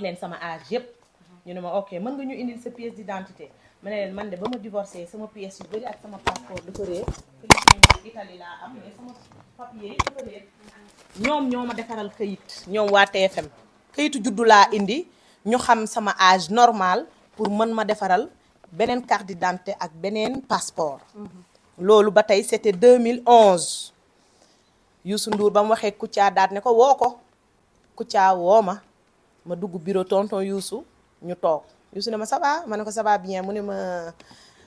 wax leen sama âge yëpp ñu ne ma ok mën nga ñu indil sa pièce d'identité ma ne leen man de ba ma divorcé sama pièce yu bëri ak sama passeport dafa ko këyit réer ñoom ñoo ma defaral këyit ñoom waa TFM këyitu juddu laa indi ñu xam sama âge normal pour mën ma defaral beneen carte d'identité ak beneen passeport mhm. loolu ba tey c'était 2011 Youssou Ndour ba mu waxee Kouthia daat ne ko woo ko Kouthia woo ma ma dugg bureau tonton Youssou ñu toog Youssou ne ma ça va ma ne ko sabaa va bien mu ne ma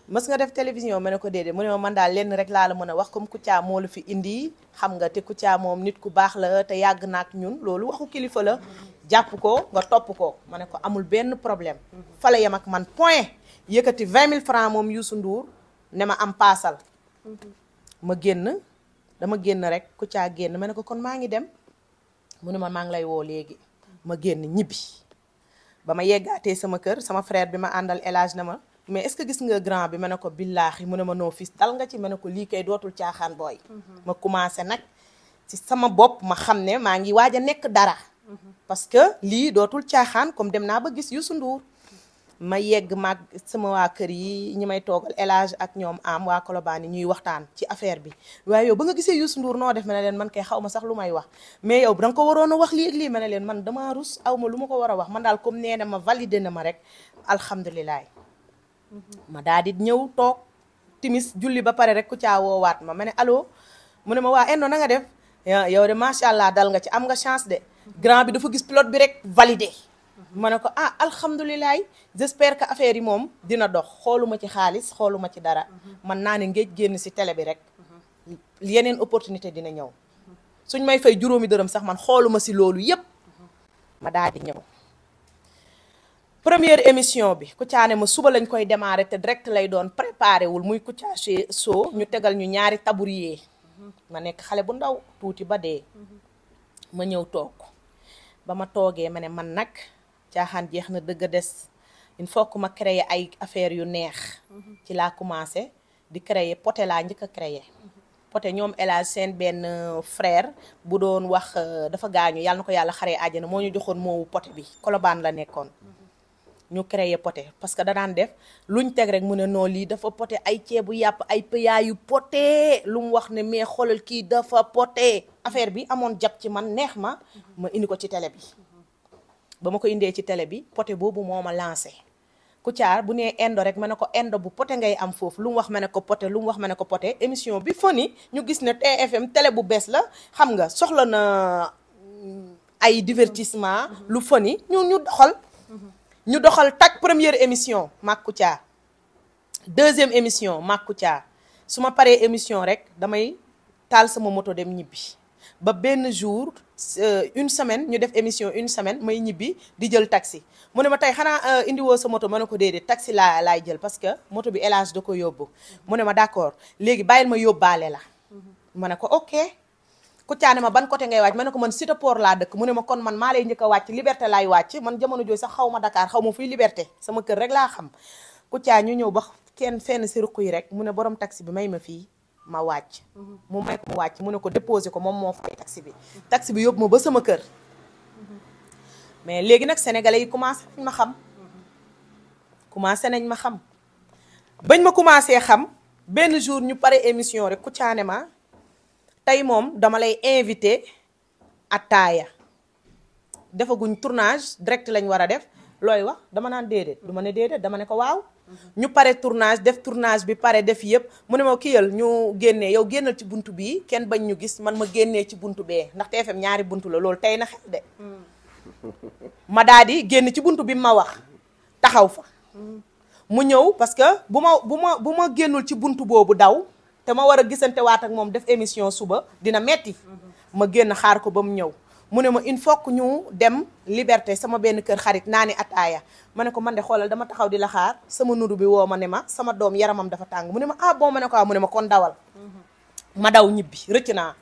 mës nga def télévision ma ne ko déedéet mu ne ma daal lenn rek laa la mën a wax comme Kouthia moo la fi indi xam nga te Kouthia moom nit ku baax la te yàgg na ak ñun loolu waxu kilifa la jàpp ko nga topp ko ma ne ko amul benn problème fa la yem ak man point yëkkati 20 000 francs moom Youssou Ndour ne ma am paasal génn dama génn rek Kouthia génn ma ne ko kon maa ngi dem mu ne ma maa ngi lay woo léegi ma génn ñibbi ba ma yeggaatee sama kër sama frère bi ma àndal élage na ma mais est que gis nga grand bi ma ne ko billaahi mu ne ma noo fis dal nga ci ma ne ko lii kay dootul caaxaan booy mhm. ma commencé nag ci sama bopp ma xam ne maa ngi waaj a nekk dara mhm. parce que lii dootul caaxaan comme dem naa ba gis Youssou Ndour ma yegg mag sama waa kër yi ñu may toogal elage ak ñoom am waa Colobane ñuy waxtaan ci affaire bi waaye yow ba nga gisee Youssou Ndour noo def ma ne leen man kay xaw ma sax lu may wax mais yow da nga ko waroon a wax lii ak lii ma ne leen man dama rus aw ma lu ma ko war a wax man daal comme nee ma validé na ma rek alhamdulilah. ma daal di ñëw toog timis julli ba pare rek ku caa waat ma ma ne allo mu ne ma waa endo na nga def yow de macha allah dal nga ci am nga chance de grand bi dafa gis pilote bi rek validé. ma ne ko ah alhamdulilah j'espère que affaire yi moom dina dox xooluma ci xaalis xooluma ci dara man naa ne ngéej génn si télé bi rek yeneen opportunité dina ñëw suñ may fay juróomi dërëm sax man xooluma si loolu yépp ma daal di ñëw première émission bi Kouthia ne ma suba lañ koy démarrer te direct lay doon préparé wul muy Kouthia Show ñu tegal ñu ñaari tabourier ma nekk xale bu ndaw tuuti ba dee ma ñëw toog ba ma toogee ma ne man nag caaxaan jeex na dëgg des il faut que ma créer ay affaire yu neex ci laa commencé di créer poté laa njëkk a créer poté ñoom El Hadj seen benn euh, frère bu doon wax euh, dafa gaañu yàlla na ko yàlla xare àjjana moo ñu joxoon moowu poté bi kolobaan la nekkoon ñu créer poté parce que danaan def luñ teg rek mu ne non lii dafa poté ay ceebu yàpp ay pëyaayu poté lu mu wax ne mais xoolal kii dafa poté affaire bi amoon jàpp ci man neex ma ma indi ko ci tele bi ba ma ko indee ci tele bi poté boobu moo ma lancé Kouthia bu nee indo rek ma ne ko indo bu poté ngay am foofu lu mu wax ma ne ko poté lu mu wax ma ne ko poté émission bi foni ñu gis ne TFM télé bu bees la xam nga soxla na mm, ay divertissement lu foni ñu ñu doxal ñu doxal tag première émission maak Kouthia deuxième émission maak Kouthia su ma paree émission rek damay taal sama moto dem ñibbi ba benn jour euh, une semaine ñu def émission une semaine may ñibbi di jël taxi mu ne ma tey xanaa euh, indiwoo sa moto ma ne ko déedéet taxi laa laay jël parce que moto bi élage da ko yóbbu mu ne ma d'accord léegi bàyyil ma yóbbaale la ma ne ko ok Kouthia ne ma ban côté ngay wàcc ma ne ko man Cité Port laa dëkk mu ne ma kon man maa lay njëkk wàcc liberté laay wàcc man jamono jooy sax xaw ma Dakar xaw ma fuy liberté sama kër rek laa xam Kouthia ñu ñëw ba kenn fenn si ruq yi rek mu ne borom taxi bi may ma fii ma wàcc mu may ko wàcc mu ne ko déposé ko moom moo fay taxi bi taxi bi yóbbu ma ba sama kër mais léegi nag sénégalais yi commencé nañ ma xam commencé nañ ma xam bañ ma commencé xam benn jour ñu pare émission rek ku caane ma tey moom dama lay invité ataaya defaguñ tournage direct lañ war a def looy wax dama naan déedéet du ma ne déedéet dama ne ko waaw ñu pare tournage def tournage bi pare def yëpp mu ne ma kiyal ñu génnee yow génnal ci buntu bii kenn bañ ñu gis man ma génnee ci bunt bee ndax TFM ñaari buntu la loolu tey na xel de. Mm. ma daal génn ci buntu bi ma wax taxaw fa. Mm. mu ñëw parce que bu ma bu ma bu ma génnul ci bunt boobu daw te ma war a gisante waat ak moom def émission suba dina metti mm-hmm. ma génn xaar ko ba mu ñëw. mu ne ma in faut que ñu dem liberté sama benn kër xarit naa ni ataaya ma ne ko man de xoolal dama taxaw di la xaar sama nuru bi woo ma ne ma sama doom yaramam dafa tàng mu ne ma ah bon ma ne ko ah, mu ne ma kon dawal ma daw ñibbi rëcc naa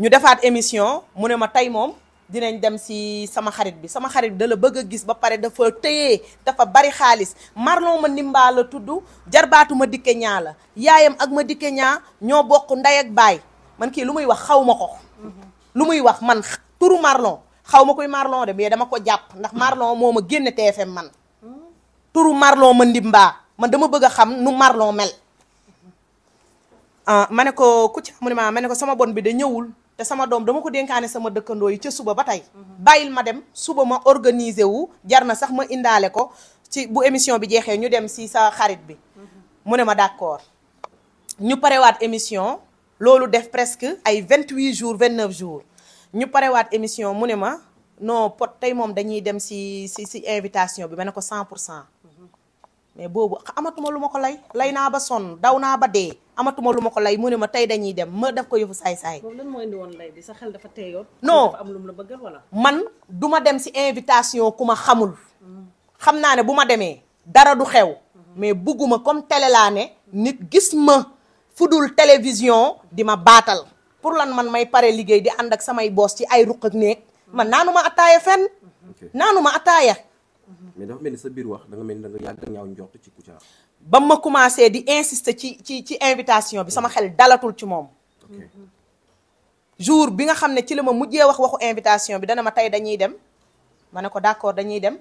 ñu defaat émission mu ne ma tey moom dinañ dem si sama xarit bi sama xarit bi da la bëgg a gis ba pare dafa tëyee dafa bari xaalis marlon ma nimbaa la tudd jarbaatu ma dikke ñaa la yaayam ak ma dikke ñaa ñoo bokk ndey baay man kii lu muy wax xaw ma ko lu muy wax man turu Marlon xaw ma koy Marlon de mais dama ko jàpp ndax Marlon moo ma génne TFM man turu Marlon ma ndimbaa man dama bëgg a xam nu Marlon mel ah ma ne ko Kouthia mu ne maa ma ne ko sama bon bi da ñëwul te sama doom dama ko dénkaane sama dëkkandoo yi ca suba ba tey bàyyil ma dem suba ma organiser wu jar na sax ma indaale ko ci bu émission bi jeexee ñu dem si sa xarit bi mu ne ma d'accord ñu parewaat émission loolu def presque ay vingt 28 jours vingt 29 jours ñu parewaat émission mu ne ma non pot tey moom dañuy dem si si si invitation bi ma ne ko 100 pour cent mais boobu amatuma lu ma ko lay lay naa ba sonn daw naa ba dee amatuma lu ma ko lay mu ne ma tey dañuy dem ma def ko yëfu saay-saay. boobu lan moo indi woon bi sa xel dafa teyoon. non am lu mu la bëgg wala. man du ma dem si invitation ku ma xamul. xam naa ne bu ma demee dara du xew. Mm-hmm. mais bugguma comme télé laa ne. nit gis ma. fu dul télévision di ma baatal pour lan man may pare liggéey di ànd ak samay boos ci ay ruq ak néeg man naanuma attaaya fenn naanuma attaaya mais dafa mel ni sa biir wax da nga mel ni da nga yàgg ñaaw njort ci Kouthia ba ma commencé di insister ci ci ci invitation bi sama xel dalatul ci moom jour bi nga xam ne ci la ma mujjee wax waxu invitation bi dana ma tey dañuy dem ma ne ko d'accord dañuy dem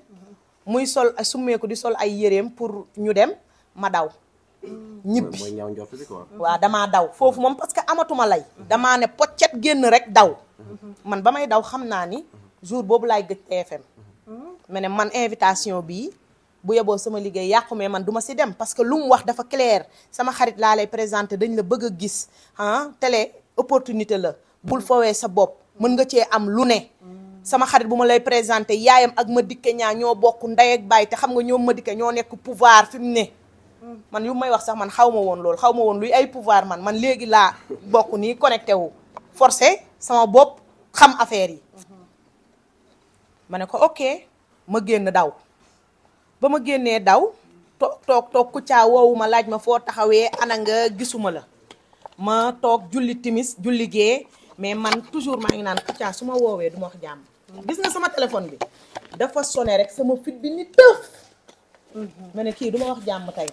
muy sol summeeku di sol ay yéreem pour ñu dem ma daw ñibbi waaw damaa daw foofu moom parce que amatuma lay damaa ne poccet génn rek daw man ba may daw xam naa ni jour boobu laay gëj TFM mm-hmm. ma ne man invitation bii bu yeboo sama liggéey yàqu mais man duma si dem parce que lu mu wax dafa clair sama xarit laa lay présenté dañ la bëgg a gis ah tele opportunité la bul fowee sa bopp mën nga cee am lu ne mm. sama xarit bu ma lay présenté yaayam ak ma dikke ñaa ñoo bokk ndey ak te xam nga ñoom ma Madické ñoo nekk pouvoir ne man yu may wax sax man xaw ma woon loolu xaw ma woon luy ay pouvoir man man léegi laa bokk nii connecté wu forcé sama bopp xam affaire yi ma ne ko ok ma génn daw ba ma génnee daw toog toog toog kuccaa woowu ma laaj ma foo taxawee ana nga gisuma la ma toog julli timis julli gee mais man toujours ma ngi naan kuccaa su ma woowee du ma wax jàmm gis na sama téléphone bi dafa sone rek sama fit bi ni tëf mm-hmm. ma ne kii du wax jàmm tey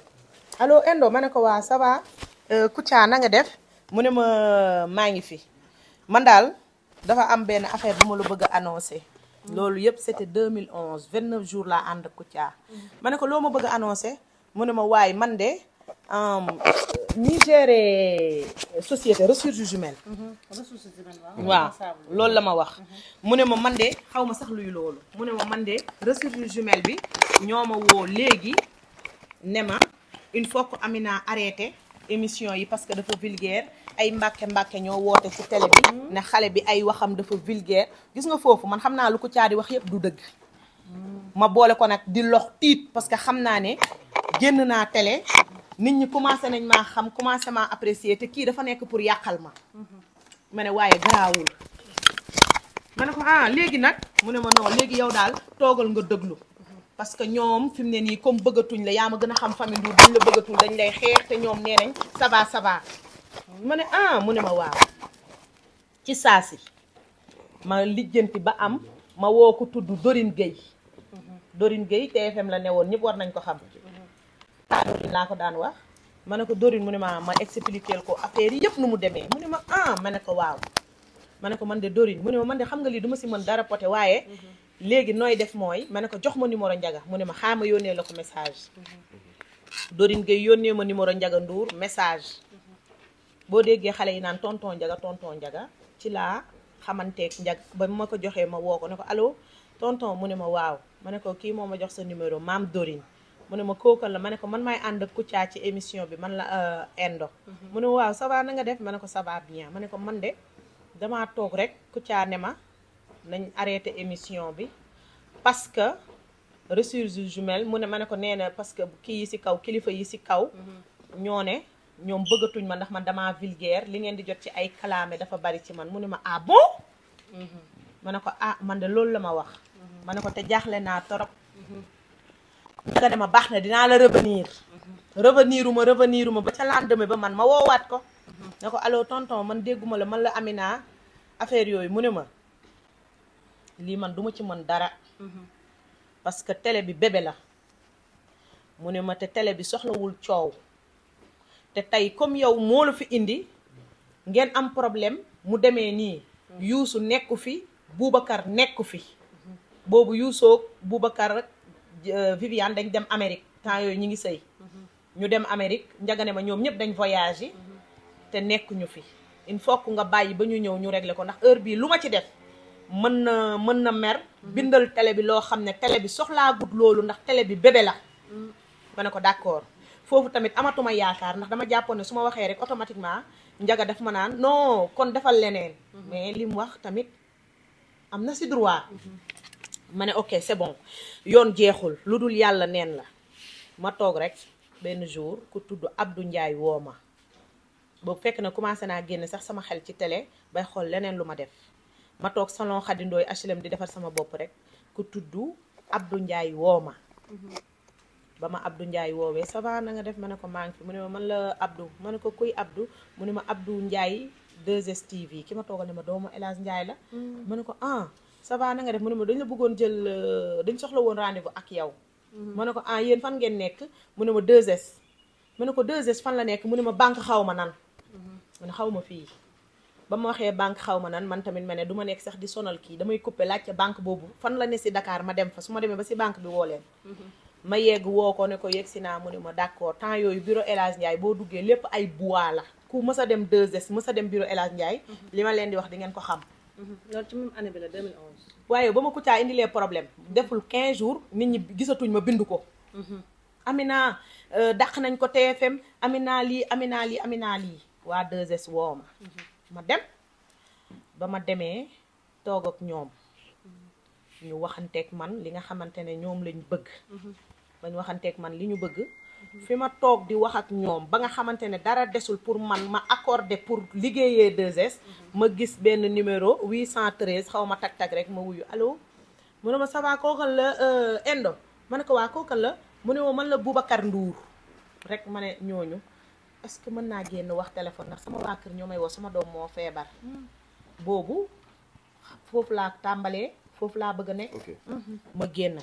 allo Endo ma ne ko waa ça va euh, Kouthia na nga def mu ne ma maa ngi fi man daal dafa am benn affaire bu ma la bëgg a annoncé. loolu yëpp c'était vingt 29 jours laa ànd ak Kouthia. ma ne ko loo ma bëgg a mu ne ma waaye man de ñi géré société ressources jumelles. ressources jumelles waaw. loolu la ma wax. mu ne ma man de xaw ma sax luy loolu. mu ne ma man de ressources jumelles bi ñoo ma woo léegi ne ma. il faut que Amina arrêté émission yi parce que dafa vulgaire ay mbàkke mbàkke ñoo woote ci télé bi mm-hmm. ne xale bi ay waxam dafa vulgaire gis nga foofu man xam naa lu ko caadi wax yëpp du dëgg mm-hmm. ma boole ko nag di lox tiit parce que xam naa ne génn naa télé nit ñi commencé nañ maa xam commencé maa apprécier te kii dafa nekk pour yàqal ma mm-hmm. ma ne waaye garaawul ma ne ko ah léegi nag mu ne ma non léegi yow daal toogal nga dëglu parce que ñoom fi mu ne nii comme bëggatuñ la yaa ma gën a xam famille Ndour buñ la bëggatul dañ lay xeex te ñoom nee nañ ça va ma ne ah mu ne ma waaw ci saasi ma lijjanti ba am ma woo ko tudd Dorine Gueye Dorine Gueye TFM la ne woon ñëpp war nañ ko xam ah Dorine laa ko daan wax ma ne ko Dorine mu ne ma ma expliquer ko affaire yi yëpp nu mu demee mu ne ah ma ne ko waaw ma ne ko man de Dorine mu ne ma man de xam nga lii duma si mën dara poté waaye léegi nooy def mooy ma ne ko jox ma numéro njaga mu ne ma xaama yónnee la ko message Dorine Gueye yónnee ma numéro njaga Ndour message boo déggee xale yi naan tonton njaga tonton njaga ci laa xamanteeg njag ba ma ko joxee ma woo ko ne ko allo tonton mu ne ma waaw ma ne ko kii moo ma jox sa numéro maam Dorine mu ne ma kookal ma ne ko man maay ànd ak Kouthia ci émission bi man la indo euh, mhm. mu ne waaw ça va na nga def ma ne ko ça va bien ma ne ko man de dama toog rek Kouthia ne ma nañ arrêté émission bi parce que ressources jumelles mu ne ma ne ko nee na parce que kii yi ci kaw kilifa yi ci kaw mhm. ñoo ne ñoom bëggatuñ ma ndax man damaa vulgaire li ngeen di jot ci ay kalaame dafa bari ci man mu ne ma ah bon mhm. ma ne ko ah man de loolu la ma wax mhm. ma ne ko te jaaxle naa torop nga dama baax na dinaa la revenir revenir uma revenir uma ba ca lendemain ba man ma woowaat ko ne ko allo tonton man dégguma la man la Amina affaire yooyu mu ne ma lii man duma ci mën dara mhm. parce que télé bi bébé la mu ne ma te tele bi soxlawul coow te tey comme yow moo la fi indi ngeen am problème mu demee nii mhm. yuusu nekku fi Boubacar nekku fi boobu yuusoog Boubacar ak euh, Viviane dañ dem Amérique temps yooyu ñi ngi sëy mhm. ñu dem Amérique njagane ma ñoom ñëpp dañ voyage yi te nekkuñu fi il faut que nga bàyyi ba ñu ñëw ñu regle ko ndax heure bii lu ma ci def mën na mën na mer bindal tele bi loo xam ne télé bi soxlaa gut loolu ndax télé bi bébé la ma ne ko d'accord foofu tamit amatuma yaakaar ndax dama jàppoon ne su ma waxee rek automatiquement njaga daf ma naan non kon defal leneen mais li wax tamit am na si ma ne ok c'est yoon jeexul lu dul yàlla neen la ma toog rek benn jour ku tudd Abdou njaay woo ma boobu fekk na commencé naa génn sax sama xel ci tele bay xool leneen lu ma def ma toog salon Khady Ndoye HLM di defar sama bopp rek ku tudd Abdou njaay woow ma ba ma Abdou Ndiaye woowee ça va na nga def ma ne ko maa ngi mu ne ma man la Abdou ma ne ko kuy Abdou mu ne ma Abdou Ndiaye 2STV ki ma toogal ne ma doomu El Hadj Ndiaye la mm. ma ne ko ah ça va def mu ne ma dañ bëggoon jël euh, dañ soxla woon ak yow mm-hmm. ma ne ko ah yéen fan ngeen nekk mu ne ma 2S ma ne ko 2 fan la nekk mu ne ma banque xaw ma nan mm-hmm. ma ne xaw ma fii ba ma waxee banque xaw ma nan man tamit ma ne du ma nekk sax di sonal kii damay coupé laajte banque boobu fan la ne si Dakar ma dem fa su ma demee ba si banque bi woo leen mm-hmm. ma yegg woo ko ne ko yegg si naa mu ne ma d'accord temps yooyu bureau El Hadj Ndiaye boo duggee lépp ay bois la a dem 2S a dem bureau El Ndiaye mm-hmm. li ma leen di wax di ngeen ko xam mm-hmm. loolu ci même année bi la 2011 waaye ba ma Kouthia indilee problème deful 15 jours nit ñi gisatuñ ma bind ko Amina euh, dàq nañ ko TFM Amina lii Amina lii Amina lii waa 2S woo ma dem ba ma demee toog ak ñoom ñu waxanteeg man li nga xamante ne ñoom lañ bëgg ba ñu waxanteeg man li ñu bëgg fi ma toog di wax ak ñoom ba nga xamante ne dara desul pour man ma accordé pour liggéeyee 2 ma gis benn numéro 813 xaw ma tag-tag rek ma wuyu allo mu ne ma ça va kookal la euh, Endo ma ne ko waa kookal la mu ne woo man la Boubacar nduur rek ma ne ñooñu est que mën naa génn wax téléphone ndax sama waa kër ñoo may woo sama doom moo feebar hmm. boobu foofu laa tàmbalee foofu laa bëgg a ma génn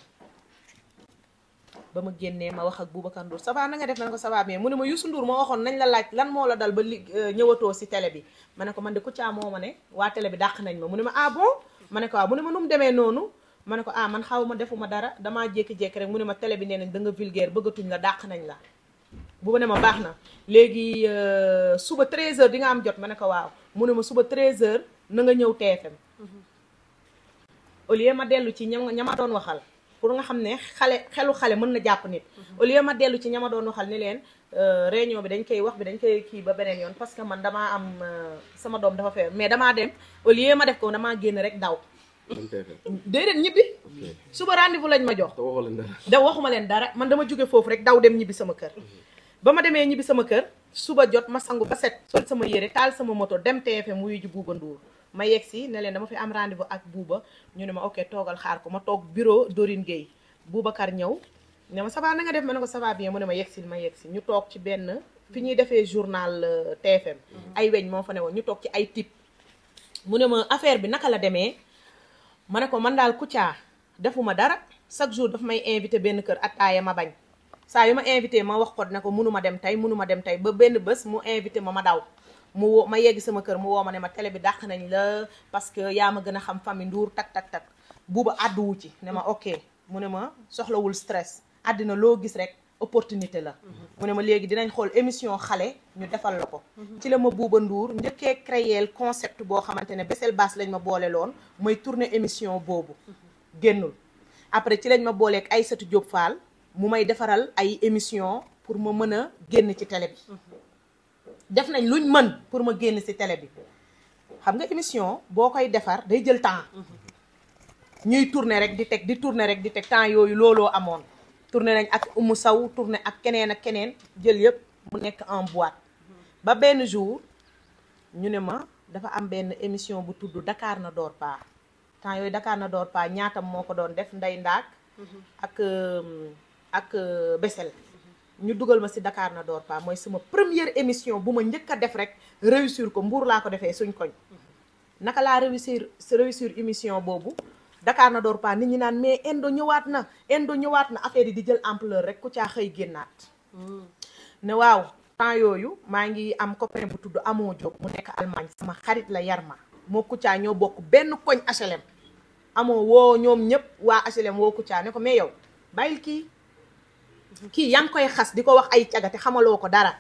ba ma génnee ma wax ak Boubacar Ndour ça va na nga def na nga ko ça mu ma Youssou Ndour ma waxoon nañ la laaj lan moo la dal ba li euh, ñëwatoo si télé bi ma ne ko man de Kouthia moo ma ne waa bi dàq nañ ma mu ne ma ah bon ma ne ko waaw ah, mu ne ma nu mu demee noonu ma ne ko ah man xaw ma defuma dara damaa jékki-jékki rek mu ne ma télé bi nee nañ da nga vulgaire bëggatuñ la dàq nañ la bu ne ma baax na léegi euh, suba 13h di nga am jot ma ne ko waaw mu ne ma suba 13h na nga ñëw TFM. Mm-hmm. au lieu ma dellu ci ñam ñama doon waxal pour nga xam ne xale xelu xale mën na jàpp nit. Mm-hmm. au lieu ma dellu ci ñama doon waxal ni leen euh, réunion bi dañ koy wax bi dañ koy kii ba beneen yoon parce que man damaa am euh, sama doom dafa feebar mais damaa dem au lieu ma def ko damaa génn rek daw. déedéet ñibbi suba rendez-vous lañ ma jox. da waxuma leen dara man dama jóge foofu rek daw dem ñibbi sama kër. Mm-hmm. ba ma demee ñibbi sama kër suba jot ma sangu ba sol sama yére taal sama moto dem TFM wuyu ju buuba Ndour ma yegg si ne leen dama fi am rendez-vous ak buuba ñu ne ma ok toogal xaar ko ma toog bureau Dorine buuba Boubacar ñëw ne ma ça va na nga def ma ne ko ça bi bien mu ne ma yegg si ma yegg ñu toog ci benn fi ñuy defee journal euh, TFM mhm. ay weñ moo fa ne woon ñu toog ci ay type mu ne ma affaire bi naka la demee ma ne ko man daal Kouthia defuma dara chaque jour daf may invité benn kër attaaya ma bañ saa yu ma invité ma wax ko ne ko munuma dem tey munuma dem tey ba benn bés mu invité ma ma daw mu woo ma yegg sama kër mu woo ma ne ma télé bi dàq nañ la parce que yaa ma gën a xam famille Ndour tak tak tak buuba àdduwu ci ne ma ok mu ne ma soxlawul stress àddina loo gis rek opportunité la mu ne ma léegi dinañ xool émission xale ñu defal la ko ci la ma buuba Ndour njëkkee créer concept boo xamante ne Bessél Basse lañ ma boole loon mooy tourner émission boobu après ci lañ ma booleeg Aïssatou Diop Fall mu may defaral ay émission pour ma mën a génn ci télé bi def nañ luñ mën pour ma génn ci télé bi xam nga émission boo koy defar day jël temps ñuy tourner rek di teg di tourner rek di teg temps yooyu looloo amoon tourner nañ ak Oumou Sow tourner ak keneen ak keneen jël yëpp mu nekk en boîte ba benn jour ñu ne ma dafa am benn émission bu tudd dakaar na door paa temps yooyu dakaar na door paa ñaatam moo ko doon def nday Ndaak ak euh, ak euh, Bessel ñu dugal ma si dakaar na door pa mooy sama première émission bu ma njëkk a def rek réussir ko mbuur laa ko defee suñ koñ naka laa réussir réussir émission boobu dakaar na door pa nit ñi naan mais indo ñëwaat na indo ñëwaat na affaire yi di jël ampleur rek ku caa xëy génnaat hmm. ne waaw temps yooyu maa ngi am copain bu tudd amoo Diop mu nekk Allemagne sama xarit la yar ma moo Kouthia ñoo bokk benn koñ HLM amoo woo ñoom ñëpp waa HLM woo Kouthia ne ko mais yow kii yaa ngi koy xas di ko wax ay cagate xamaloo ko dara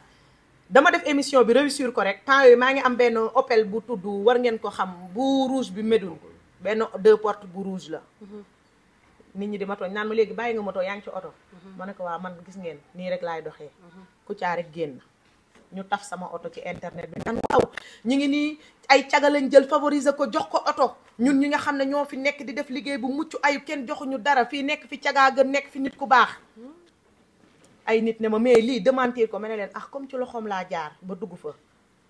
dama def émission bi réussir ko rek temps yooyu maa ngi am benn opel bu tudd war ngeen ko xam bu rouge bi médul benn deux portes bu rouge la nit ñi di ma naan ma léegi bàyyi nga ma yaa ngi ci oto ma ne ko waa man gis ngeen nii rek laay doxee ku caa rek génn ñu taf sama oto ci internet bi naan waaw ñu ngi nii ay caga lañ jël favoriser ko jox ko oto ñun ñi nga xam ne ñoo fi nekk di def liggéey bu mucc ayib kenn joxuñu dara fii nekk fi cagaa nekk fi nit ku baax ay nit ne ma mais lii démentir ko ma ne leen ax ah, comme ci loxoom laa jaar ba dugg fa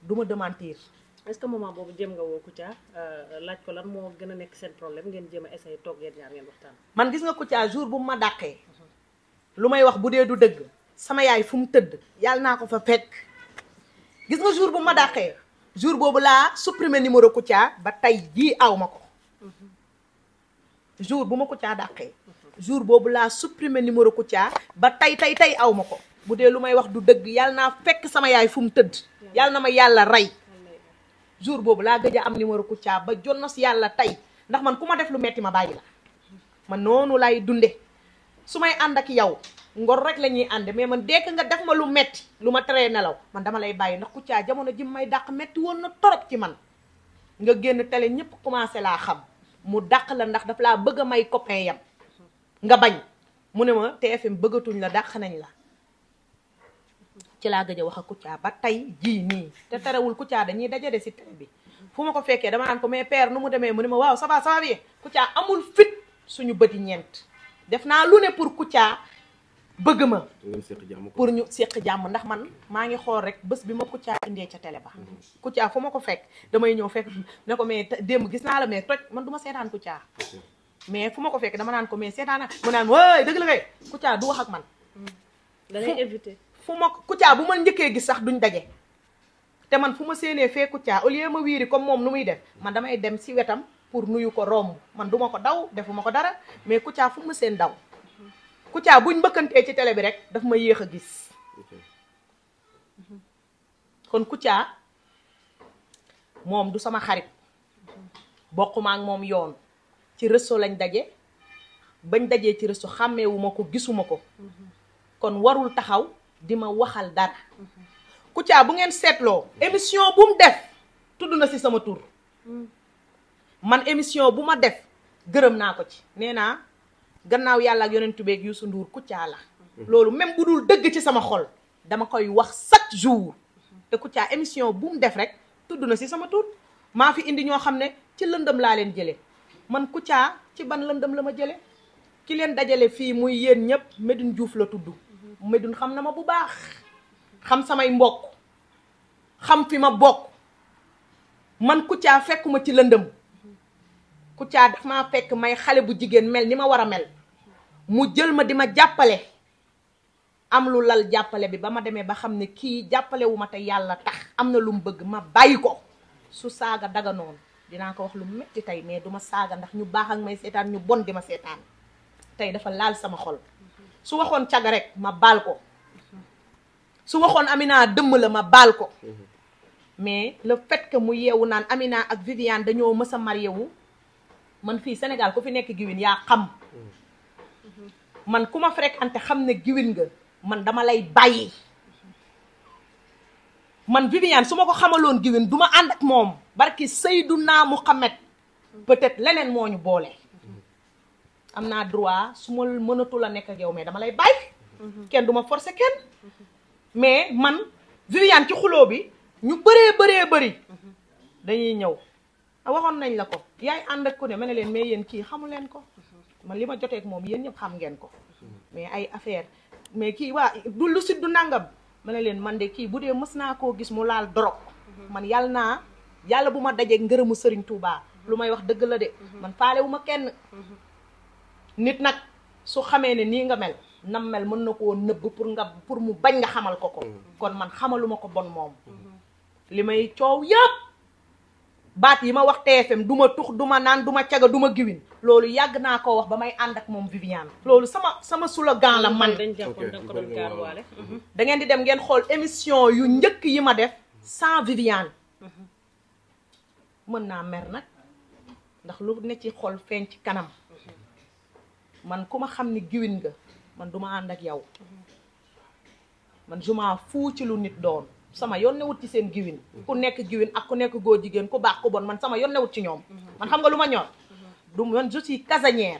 du ma démentir. est-ce que moment boobu jéem nga woo Kouthia euh, laaj ko lan moo gën a nekk seen problème ngeen jéem a essayer toog yéen ñaar ngeen waxtaan. man gis nga Kouthia jour bu mu ma dàqee lu may wax bu dee du dëgg sama yaay fu mu tëdd yàlla naa ko fa fekk gis nga jour bu ma dàqee jour boobu laa supprimer numéro Kouthia ba tey jii aw ma ko mhm. jour bu ma Kouthia dàqee. jour boobu laa supprimer numéro Kouthia ba tey tey tey aw ko bu dee lu may wax du dëgg yàlla naa fekk sama yaay fu mu tëdd yàlla na ma yàlla rey jour boobu laa gëj a am numéro Kouthia ba jonnos yàlla tey ndax man ku ma def lu metti ma bàyyi la man noonu laay dunde su may ànd ak yow ngor rek la ñuy ànd mais man dékk nga def ma lu metti lu ma teree nelaw man dama lay bàyyi ndax Kouthia jamono jim may dàq metti woon na torop ci man nga génn télé ñëpp commencé laa xam mu dàq la ndax daf laa bëgg a may copain yam nga bañ mu ne ma TFM bëggatuñ la dàq nañ la ci laa gëj a wax ak Kouthia ba tey jii nii te terewul Kouthia dañuy dajale si télé bi fu ma ko fekkee dama naan ko mais père nu mu demee mu ne ma waaw ça va ça amul fit suñu bëti ñeent def naa lu ne pour Kouthia bëgg ma pour ñu seq jàmm ndax man maa ngi xool rek bés bi ma Kouthia indee ca télé ba mhm. Kouthia fu ma ko fekk damay ñëw fekk ne ko mais démb gis naa la mais toj man du ma seetaan Kouthia mais fu ma ko fekkee dama naan ko mais seetaana mu naan waay dëgg la kay Kouthia du wax ak man. Mm. da ngay fu ma Kouthia bu ma njëkkee gis sax duñ daje. te man fu ma séenee fee Kouthia au lieu ma wiiri comme moom nu muy def man damay dem si wetam pour nuyu ko romb man duma ko daw defuma ko dara mais Kouthia fu ma seen daw. Kouthia buñ mbëkkantee ci tele bi rek dafa ma yéex a gis. Mm-hmm. kon Kouthia moom du sama xarit mm-hmm. bokkuma ak moom yoon. ci réseau lañ daje bañ dajee ci réseau xàmmeewuma ko gisuma ko kon warul taxaw di ma waxal dara Kouthia bu ngeen seetloo émission bu mu def tudd na ci sama tur man émission bu ma def gërëm naa ko ci nee naa gannaaw yàlla ak yonentu beeg Youssou Ndour Kouthia la loolu même bu dul dëgg ci sama xol dama koy wax chaque jour te Kouthia émission bu def rek tudd na ci sama tur maa fi indi ñoo xam ne ci lëndëm laa leen jëlee man Kouthia ci ban lëndëm la ma jële ki leen dajale fii muy yéen ñëpp Médoune Diouf la tudd Médoune xam na ma bu baax xam samay mbokk xam fi ma bokk man Kouthia fekkuma ci lëndëm Kouthia daf maa fekk may xale bu jigéen mel ni ma war a mel mu jël ma di ma jàppale am lu lal jàppale bi ba ma demee ba xam ne kii jàppalewuma te yàlla tax am na lu mu bëgg ma bàyyi ko su saaga daga dinaa ko wax lu metti tey mais duma ma saaga ndax ñu baax ak may seetaan ñu bon di ma seetaan tey dafa laal sama xol su waxoon caga rek ma baal ko su waxoon Amina dëmm la ma baal ko mais le fait mu yeewu naan Amina ak Viviane dañoo mës a marié wu man fii Sénégal ku fi nekk giwin yaa xam man ku ma fréquenté xam ne giwin nga man dama lay bàyyi man Viviane su ma ko xamaloon giwin du ma ànd ak moom barki Seydunaa Muhammad peut-être leneen moo ñu boole am naa droit su ma mënatul a nekk yow mais dama lay bàyyi. kenn du ma forcer kenn. mais man Viviane ci xuloo bi ñu bëree bëree bëri dañuy ñëw ah, waxoon nañ la ko yaay ànd ak ko ne ma ne leen mais yéen kii xamu leen ko man li ma jotee moom yéen ñëpp xam ngeen ko mais ay affaire mais kii waa du lu sit du nangam ma ne leen man de kii bu dee mës naa koo gis mu laal dorog man yàlla naa. yàlla bu ma dajee ngërëmu sëriñ Touba lu may wax dëgg la de mhm. man faale wu ma kenn mhm. nit nag su xamee ne nii nga mel nam mel mën na koo nëbb pour nga pour mu bañ nga xamal ko ko mhm. kon man xamaluma ko bon moom li may coow yëpp baat yi ma wax TFM du ma tux du ma naan du ma caga du ma giwin loolu yàgg naa koo wax ba may ànd ak moom Viviane loolu sama sama slogan la man da ngeen di dem ngeen xool émission yu njëkk yi ma def sans Viviane mën naa mer nag ndax lu ne ci xol feeñ ci kanam man ku ma xam ni giwin nga man du ma ànd ak yow man jumaa fuu ci lu nit doon sama yoon ne wut ci seen giwin ku nekk giwin ak ku nekk goo jigéen ku baax ku bon man sama yoon newut ci ñoom man xam nga lu ma ñor du man je suis casanière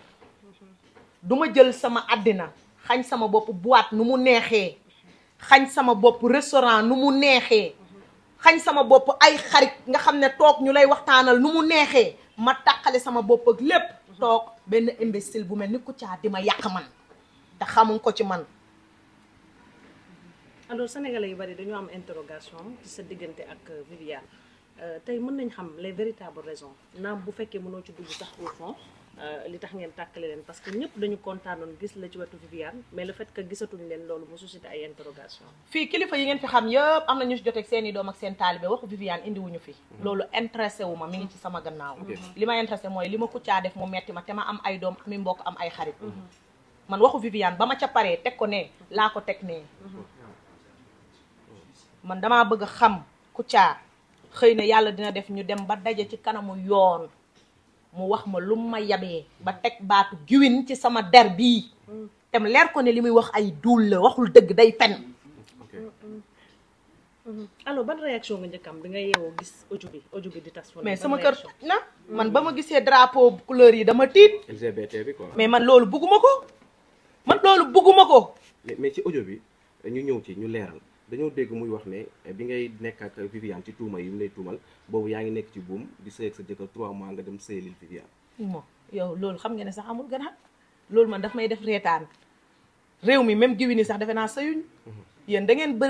jël sama àddina xañ sama bopp boîte nu mu neexee xañ sama bopp restaurant nu mu neexee xañ sama bopp ay xarit nga xam ne toog ñu lay waxtaanal nu mu neexee ma tàqale sama bopp ak lépp toog benn imbécile bu mel ni ku Kouthia di ma yàq man te xamuñ ko ci man alors sénégalais yu bari dañoo am interogation ci sa diggante ak euh, Viviane euh, tey mën nañ xam les véritables raisons naa bu fekkee mënoo ci dugg sax au Euh, li tax ngeen tàkkale leen parce que ñëpp dañu kontaanoon gis la ci wetu Viviane mais le fait que gisatuñ leen loolu mu suscité ay interrogation fii kilifa yi ngeen fi xam yëpp am na ñu si joteeg seen i doom ak seen taalibe waxu Viviane indi wuñu fi mhm. loolu intéressé wu ma mi ngi ci sama gannaaw mhm. li ma intéressé mooy li ma Kouthia def mu metti ma te ma am ay doom ami mbokk am ay xarit mhm. man waxu Viviane ba ma ca paree teg ko ne laa ko teg ne man damaa bëgg xam Kouthia xëy na yàlla dina def ñu dem ba daje ci kanamu yoon mu wax ma lu ma yabee ba teg baatu giwin ci sama der bii te mu leer ko ne li muy wax ay duul la waxul dëgg day fen alors ban réaction nga njëkk am bi nga gis audio bi audio mais sama kër na man ba ma gisee drapeau couleur yi dama tiit LGBT bi quoi mais man loolu bugguma ko man loolu bugguma ko mais ci ojo bi ñu ñëw ci ñu leeral dañoo dégg muy wax ne eh, bi ngay nekk ak Viviane ci tuuma yi mu lay tuumal boobu yaa ngi nekk ci buum di sëy ak sa jëkkër 3 mois nga dem sëyalil Viviane. bon yow loolu xam nga ne sax amul gannaaw loolu man daf may def reetaan réew mi même giwin yi sax defe naa sëyuñ mhm. yéen da ngeen bë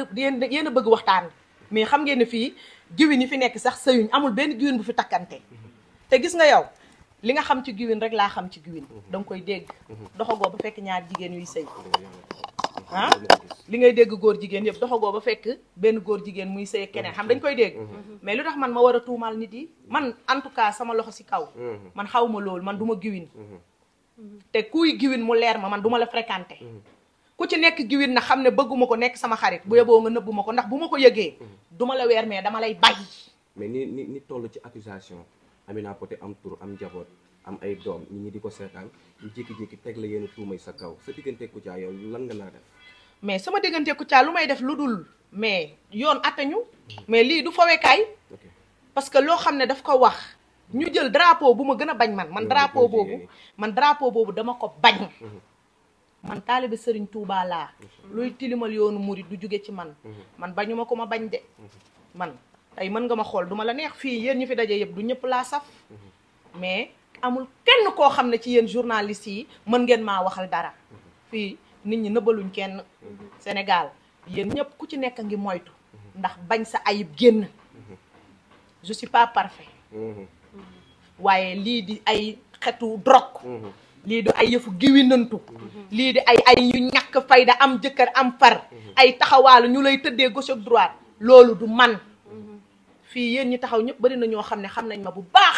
yéen a bëgg waxtaan mais xam ngeen ne fii giwin yi fi nekk sax sëyuñ amul benn giwin bu fi takkante mhm. te gis nga yow li nga xam ci giwin rek laa xam ci giwin mhm. da nga koy dégg doxagoo ba fekk ñaar jigéen yuy sëy ah li ngay dégg góor jigéen yëpp goo ba fekk benn góor jigéen muy sëy keneen mm-hmm. xam dañ koy dégg mm-hmm. Mm-hmm. mais lu tax man ma war a tuumaal nit yi man en tout cas sama loxo ci kaw man xawma loolu man duma ma giwin te kuy giwin mu leer ma man duma la fréquenté ku ci nekk giwin na xam ne bëgguma ko nekk sama xarit bu yeboo nga nëbbu ma ko ndax bu ma ko yëgee du la weer mais dama lay bàyyi mais ni ni ni toll ci accusation Amina Poté am tur am njaboot am ay doom ñu ñi di ko seetaan ñu jékki-jékki teg la yenn tuumay sa kaw sa diggante Kouthia yow lan nga naa def mais sama diggante Kouthia lu may def lu dul mais yoon attañu mais lii du fawekaay parce que loo xam ne daf ko wax ñu jël drapo bu ma gën a bañ man man drapeau boobu man drapeau boobu dama ko bañ mhm. man taalibe Serigne Touba laa mhm. luy tilimal yoonu murid du jóge ci man mhm. man bañu ma ko ma bañ de man tey mën nga ma xool duma la neex fii yéen ñi fi daje yëpp du ñëpp laa saf mais amul kenn koo xam ne ci yéen journaliste yi mën ngeen maa waxal dara fii nit ñi nëbbaluñ kenn Sénégal yéen ñépp ku ci nekk ngi moytu ndax bañ sa ayib génn je suis pas parfait waaye lii di ay xetu drogue lii di ay yëfu giwinantu lii di ay ay ñu ñàkk fayda am jëkkër am far ay taxawaalu ñu lay tëddee gauche ak droite loolu du man fii yéen ñi taxaw ñëpp bari na ñoo xam ne xam nañ ma bu baax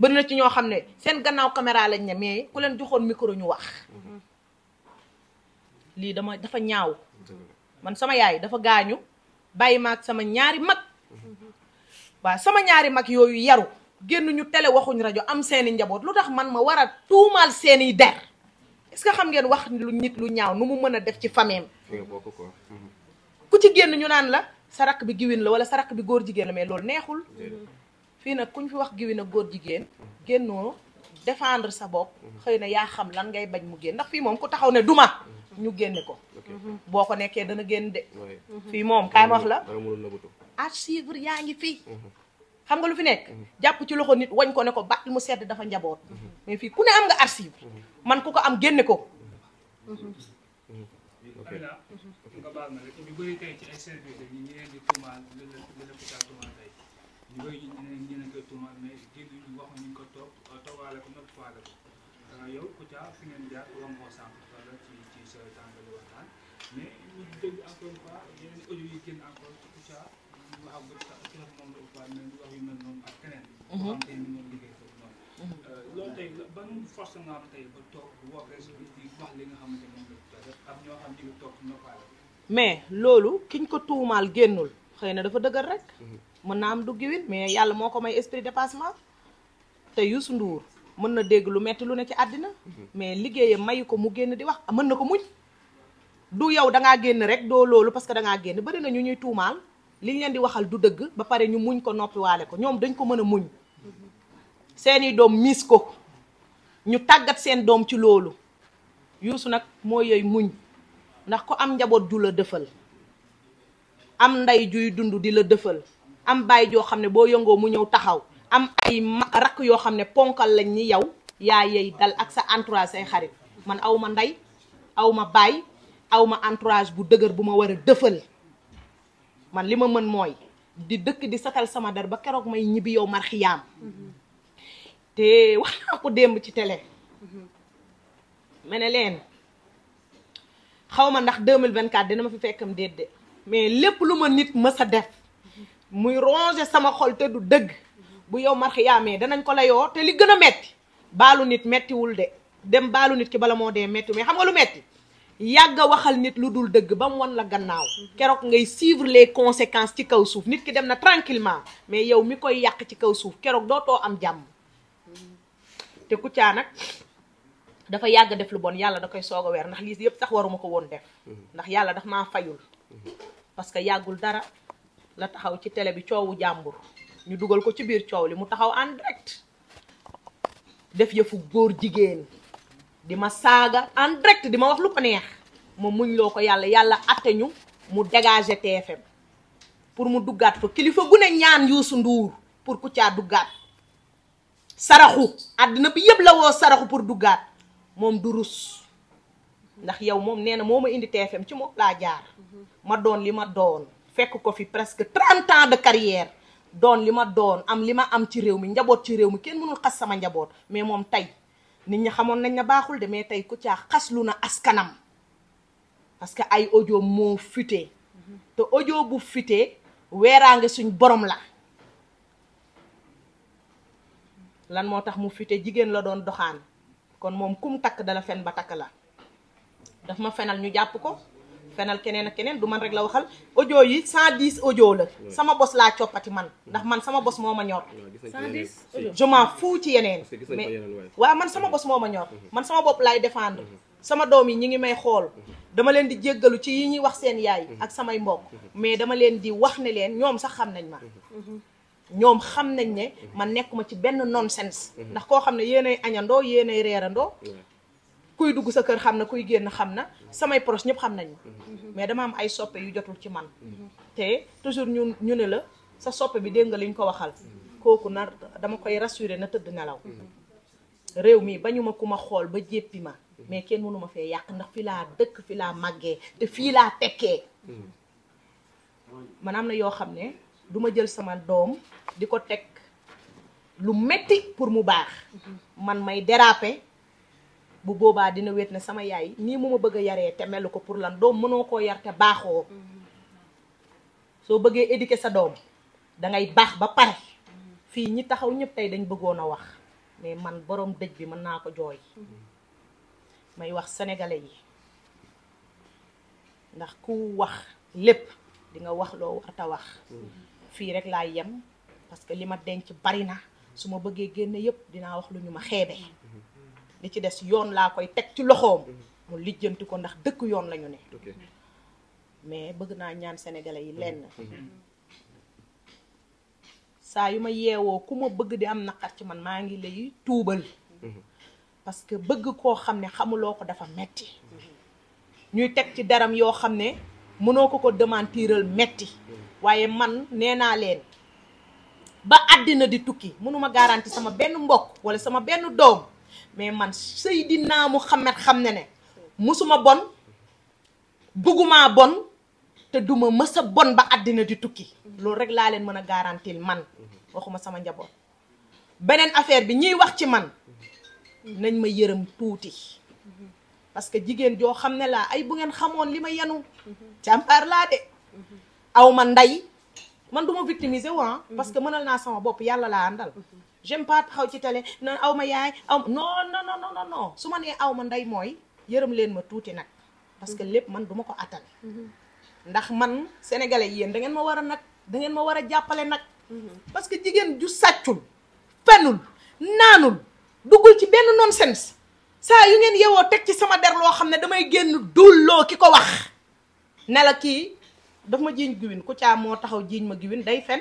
bëri na ci ñoo xam ne seen gannaaw caméra lañ ne mais ku leen joxoon micro ñu wax lii dama dafa ñaaw man sama yaay dafa gaañu bàyyi ma ak sama ñaari mag waaw sama ñaari mag yooyu yaru génn ñu tele waxuñ rajo am seeni njaboot lu tax man ma war a tuumaal seeni der est-ce xam ngeen wax lu nit lu ñaaw nu mu mën a def ci fameem ku ci génn ñu naan la sa rakk bi giwin la wala sa rakk bi góor jigéen la mais loolu neexul fii nag ku ñu fi wax giwin a góor jigéen génnoo defandre sa bopp xëy na yaa xam lan ngay bañ mu génn ndax fii moom ku taxaw ne duma ñu génn ko boo ko nekkee dana génn de fii moom kaay wax la à suivre yaa ngi fii mhm. xam nga lu fi nekk mhm. jàpp ci loxo nit wañ ko ne ko bàtt mu sedd dafa njaboot mhm. mais fii ku ne am nga archive man ku ko am génne ko ñu koy ñu ko toog euh, toogaale ko nag faale ko euh, yow Kouthia fi ngeen jaar wam sa tàmbali waxtaan mais ñu dégg encore une fois yeneen audio yi génn encore ci mhm. mhm. euh, loolu tey ban force nga am tey ba toog wax di wax li nga xamante moom la def am ñoo xam ñu ngi toog noppaale mais loolu kiñ ko tuumaal génnul xëy na dafa dëgër rek mhm. mën naa am du giwin mais yàlla moo ko may esprit dépassement te Youssou Ndour mën na dégg lu metti lu ne ci àddina mais liggéeyam mayu ko mu génn di wax mën na ko muñ du yow da ngaa génn rek doo loolu parce que da ngaa génn bari nañu ñuy tuumaal liñ leen di waxal du dëgg ba pare ñu muñ ko noppiwaale ko ñoom dañ ko mën a muñ seeni doom miis ko ñu tàggat seen doom ci loolu yuusu nag moo yooyu muñ ndax ko am njaboot ju la dëfal am ndey juy dund di la dëfal am bàyyi joo xam ne boo yëngoo mu ñëw taxaw am ay rakk yoo xam ne ponkal lañ ñi yow yaa yey dal ak sa entourage say xarit man aw ma ndey aw ma baay aw ma entourage bu dëgër bu ma war a dëfal man li ma mën mooy di dëkk di satal sama dar ba keroog may ñibbi yow marxiyaam te wax ko démb ci tele ma ne leen xaw ma ndax 2024 dina ma fi fekkam de mais lépp lu ma nit mës a def muy ronger sama xol te du dëgg bu yow marxiyaamee danañ ko layoo te li gën a metti baalu nit mettiwul de dem baalu nit ki bala moo dee metti mais xam nga lu metti yàgg a waxal nit lu dul dëgg ba mu wan la gannaaw keroog ngay suivre les conséquences ci kaw suuf nit ki dem na tranquillement mais yow mi koy yàq ci kaw suuf keroog dootoo am jàmm te Kouthia nag dafa yàgg def lu bon yàlla da koy soog a weer ndax lii yëpp sax waruma ko woon def mm-hmm. ndax yàlla daf maa la taxaw ci tele bi coowu jàmbur ñu dugal ko ci biir coow li mu taxaw en direct def yëfu góor jigéen di ma saaga en direct di ma wax lu ko neex moom muñ loo ko yàlla yàlla atte ñu mu dégager TFM pour mu duggaat fa kilifa gu ne ñaan yuusu nduur pour ku caa duggaat saraxu àddina bi yëpp la woo saraxu pour duggaat moom du rus ndax yow moom nee na moo ma indi TFM ci moom laa jaar mm-hmm. ma doon li ma doon fekk ko fi presque trente ans de carrière doon li ma doon am li ma am ci réew mi njaboot ci réew mi kenn mënul xas sama njaboot mais moom tey nit ñi xamoon nañ na baaxul de mais tey ku caa xaslu na askanam parce que ay audio moo fuité te audio bu fuité weeraange suñ borom la lan moo tax mu fuité jigéen la doon doxaan kon moom kum takk dala fen ba takk la daf ma fenal ñu jàpp ko fenal keneen ak keneen du man rek la waxal audio yi 110 audio la sama bos laa coppati man ndax man sama bos moom a ñor je m'en fous ci yeneen mais waaw man sama bos moo ma ñor mhm. man sama bopp laay défendre mhm. sama doom yi ñu ngi may xool mhm. dama leen di jéggalu ci yi ñuy wax seen yaay ak samay mbokk mais dama leen di wax ne leen ñoom sax xam nañ ma ñoom xam nañ ne man nekkuma ci benn nonsense ndax koo xam ne yéenay añandoo yéenay reerandoo kuy dugg sa kër xam na kuy génn xam na samay proche ñëpp xam nañ mhm. mais dama am ay soppe yu jotul ci man mhm. te toujours ñu ñu ne la sa soppe bi dégg nga li ñu ko waxal mhm. kooku na dama koy rassurer na tëdd nelaw réew mi bañu ma ku ma xool ba jéppi ma mais kenn mënuma fee yàq ndax fi laa dëkk fi laa màggee te fii laa tekkee man am na yoo xam ne duma jël sama doom di ko teg lu metti pour mu baax man may déraper bu boobaa dina wéet ne sama yaay nii mu ma bëgg a yaree te melu ko pour lan doom mënoo koo yar te baaxoo soo bëggee éduquer sa doom dangay baax ba pare fii ñi taxaw ñëpp tey dañ bëggoon a wax mais man borom dëj bi mën naa ko jooy may wax sénégalais yi ndax ku wax lépp di nga wax loo warta wax fii rek laa yem parce que li ma denc bari na su ma bëggee génn yëpp dinaa wax lu ñu ma xeebe li ci des yoon laa koy teg ci loxoom mhm. mu lijjanti ko ndax dëkk yoon lañu ñu ne mais bëgg naa ñaan sénégalais yi mhm. lenn mhm. saa yu ma yeewoo ku ma bëgg di am naqar ci man maa ngi lay tuubal parce que bëgg koo xam ne xamuloo ko dafa metti ñuy teg ci daram yoo xam ne mënoo ko ko demantiral metti waaye man nee naa leen ba àddina di tukki mënuma garanti sama benn mbokk wala sama benn doom mais man Seydina Muhammad xam ne ne musuma bon bëgguma bon te duma mës a bon ba àddina di tukki loolu rek laa leen mën a garantil man waxuma sama njaboot beneen affaire bi ñuy wax ci man nañ ma yërëm tuuti parce que jigéen joo xam ne laa ay bu ngeen xamoon li ma yenu jàmbaar laa de aw ma ndey man du ma victimiser waa ah. parce que mënal naa sama bopp yàlla laa àndal j'aime pas taxaw ci télé nan aw ma yaay aw non non su ma nee aw ma ndey mooy yërëm leen ma tuuti nag parce que mhm. lépp man duma ko attan mhm. ndax man sénégalais yéen da ngeen ma war a nag da ngeen ma war a jàppale nag mhm. parce que jigéen ju sàccul fenul naanul duggul ci benn nonsense saa yu ngeen yewoo teg ci sama der loo xam ne damay génn dulloo ki ko wax ne la kii daf ma jiiñ giwin ku caa moo taxaw jiiñ ma giwin day fen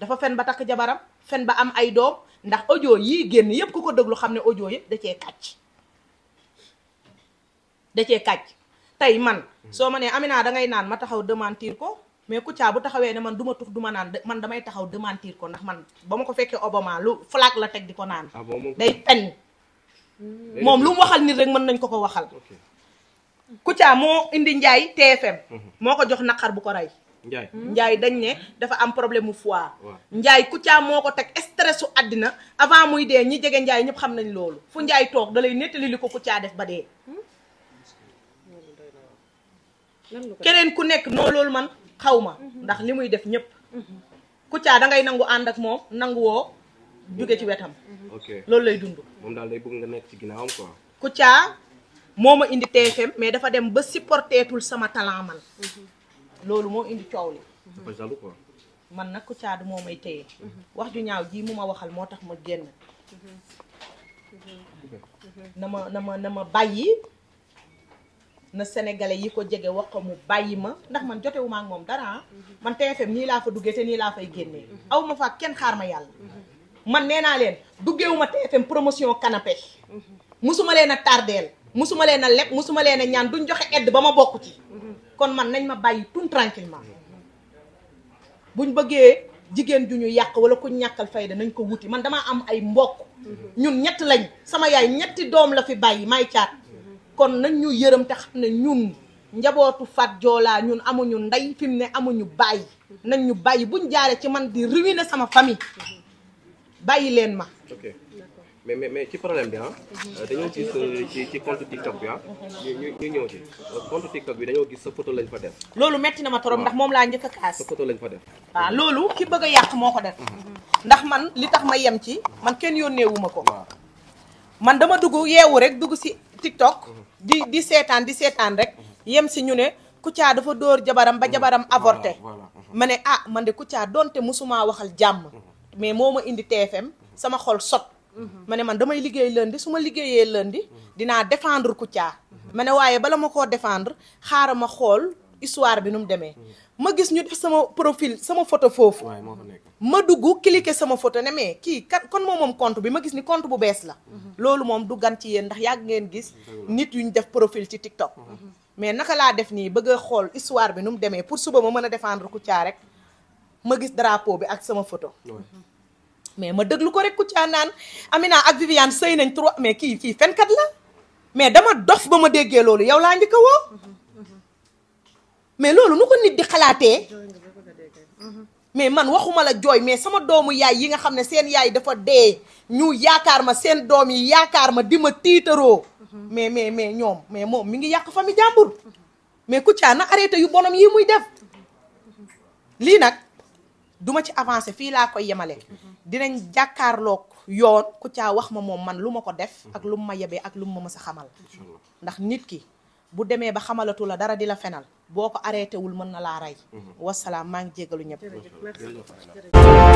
dafa fen ba takk jabaram fen ba am ay doom ndax audio yii génn yépp ku ko déglu xam ne audio yëpp da cee kàcc da cee kàcc tey man soo ma nee Amina da ngay naan ma taxaw démentir ko mais Kouthia bu taxawee ne man du tux du ma naan man damay taxaw démentir ko ndax man ba ma ko fekkee Obama lu flag la teg di ko naan ah, day fen hmm. moom lum waxal nit rek mën nañ ko ko waxal Kouthia moo indi Ndiaye TFM hmm. moo ko jox naqar bu ko rey Njaay hmm? Njaay dañ ne dafa am problème mu foie. Njaay Kouthia moo ko teg stress su àddina avant muy dee ñi jege Njaay ñëpp xam nañ loolu fu Njaay toog da lay nettali li ko Kouthia def ba dee. Hmm? keneen ku nekk noo loolu man xaw ma hmm. ndax li muy def ñëpp. Kouthia da ngay nangu ànd ak moom nanguwoo jóge ci wetam. loolu lay dund. moom daal day bëgg nga nekk ci ginnaawam moo ma indi TFM mais dafa dem ba supporteetul sama talent loolu moo indi coow li. man nag ku caadu moo may téye. wax ju ñaaw jii mu ma waxal moo tax ma génn. na ma na ma na ma bàyyi na sénégalais yi ko jege wax ko mu bàyyi ma ndax man jotewu moom dara ah. man TFM nii laa fa duggee te nii laa fay génnee. aw ma fa kenn xaar ma yàlla. man nee naa leen duggeewu ma TFM promotion canapé. musuma leen a tardeel. musuma leen a leb musuma leen a ñaan duñ joxe edd ba ma bokk ci kon man nañ ma bàyyi tout tranquillement buñ bëggee jigéen ju ñu yàq wala ku ñàkkal fayda nañ ko wuti man damaa am ay mbokk ñun ñett lañ sama yaay ñetti doom la fi bàyyi may caat kon nañ ñu yërëm te xam ne ñun njabootu Fat Joolaa ñun amuñu ndey fi ne amuñu bàyyi nañ ñu bàyyi buñ jaaree ci man di ruiner sama famille bàyyi leen ma mais mais mais ci problème bi ah. Euh, dañoo gis euh, ci ci compte TikTok bi ah. ñu ñu ñëw ci euh, compte TikTok bi dañoo gis sa photo lañ fa def. loolu metti na ma trop ndax moom laa njëkk a kaas. sa photo lañ fa def. loolu ki bëgg yàq moo ko def. Mhm. ndax man li tax ma yem ci. man kenn yónnee wu ma ko. man dama dugg yeewu rek dugg si TikTok. Mhm. di di seetaan di seetaan rek. yem si ñu ne Kouthia dafa dóor jabaram ba mhm. jabaram avorté. ma ne ah man de Kouthia donte musuma waxal jàmm. mais moo ma indi TFM sama xol sot. Mm-hmm. ma ne man damay liggéey lundi su ma liggéeyee lundi mm-hmm. dinaa défendre Kouthia mm-hmm. ma ne waaye bala ma koo defendre xaaral ma xool histoire bi nu mu demee ma gis sama profil sama photo foofu ma dugg cliquer sama photo ne kii kat kon moom moom compte bi ma gis ni compte bu bees la loolu moom du gan ci yéen ndax yàgg ngeen gis nit yu ñu def profil ci TikTok mais naka laa def nii bëgg xool histoire bi nu mu demee pour suba ma mën a défendre Kouthia rek ma gis drapeau bi ak sama photo mais ma déglu ko rek Kouthia naan Amina ak Viviane sëy nañ trop mais kii kii fenkat la mais dama dof ba ma déggee loolu yow laa njëkk a woo mais loolu nu ko nit di xalaatee mais man waxuma la jooy mais sama doomu yaay yi nga xam ne seen yaay dafa dee ñu yaakaar ma seen doom yi yaakaar ma di ma tiitaroo mais mais mais ñoom mais moom mi ngi yàq famille jàmbur mais Kouthia na arrêté yu bonam yi muy def lii nag duma ci avancer fii laa koy yemale dinañ jàkkaarlook yoon ku caa wax ma moom man lu ma ko def mhm. ak lu mu ma yebee ak lu mu ma mës a xamal ndax nit ki bu demee ba xamalatu la dara di la fenal boo ko arrêté wul mën na laa rey mhm. wasalaam maa ngi jégalu ñëpp